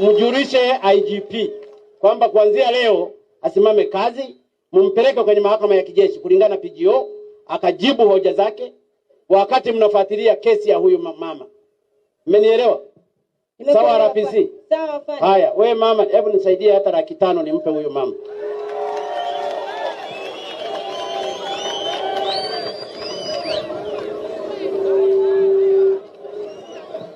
mjulishe IGP kwamba kuanzia leo asimame kazi, mumpeleke kwenye mahakama ya kijeshi kulingana PGO, akajibu hoja zake wakati mnafuatilia kesi ya huyu mama. Mmenielewa? Sawa, RPC. Haya, we mama, hebu nisaidie hata laki tano nimpe huyu mama.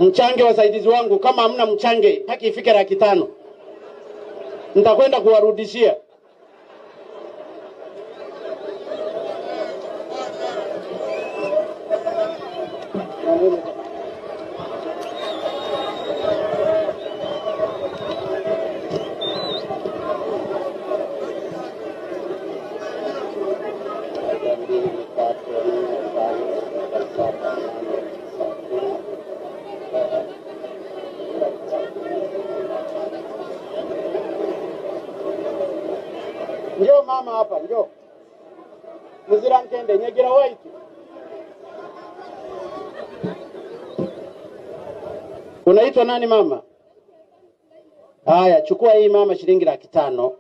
mchange wasaidizi wangu, kama hamna mchange mpaka ifike laki tano nitakwenda kuwarudishia. mama hapa, njo mzira nkende nyegira waitu Unaitwa nani mama? Haya, chukua hii mama, shilingi laki tano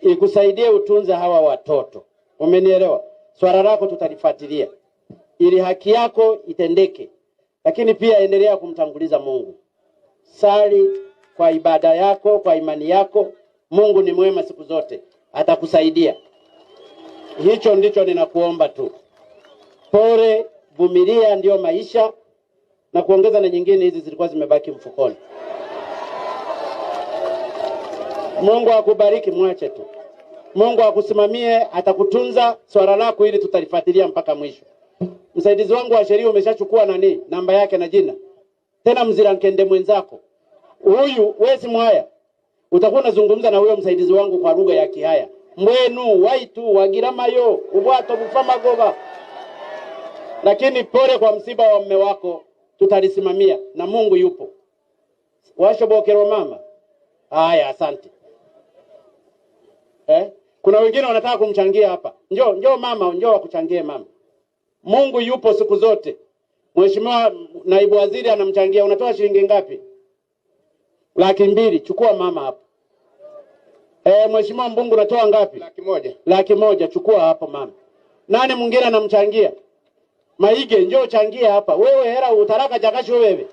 ikusaidie utunze hawa watoto. Umenielewa? Swala lako tutalifuatilia ili haki yako itendeke, lakini pia endelea kumtanguliza Mungu. Sali kwa ibada yako, kwa imani yako. Mungu ni mwema siku zote atakusaidia. Hicho ndicho ninakuomba tu, pole, vumilia, ndiyo maisha. Na kuongeza na nyingine hizi zilikuwa zimebaki mfukoni. Mungu akubariki, mwache tu. Mungu akusimamie, atakutunza. Swala lako ili tutalifuatilia mpaka mwisho. Msaidizi wangu wa sheria umeshachukua nani namba yake na jina, tena mzira nkende mwenzako huyu wesi mwaya, utakuwa unazungumza na huyo msaidizi wangu kwa lugha ya Kihaya mwenu waitu wagira mayo ubwato bufa magoba. Lakini pole kwa msiba wa mme wako, tutalisimamia na Mungu yupo. Washobokerwa mama. Haya, asante eh? Kuna wengine wanataka kumchangia hapa, njo njo mama, njo wakuchangie mama. Mungu yupo siku zote. Mheshimiwa naibu waziri anamchangia, unatoa shilingi ngapi? Laki mbili. Chukua mama hapa. Eh, Mheshimiwa Mbungu unatoa ngapi? Laki moja. Laki moja chukua hapo mama. Nani mwingine anamchangia? Maige njoo changia hapa. Wewe hela utaraka jakashi wewe.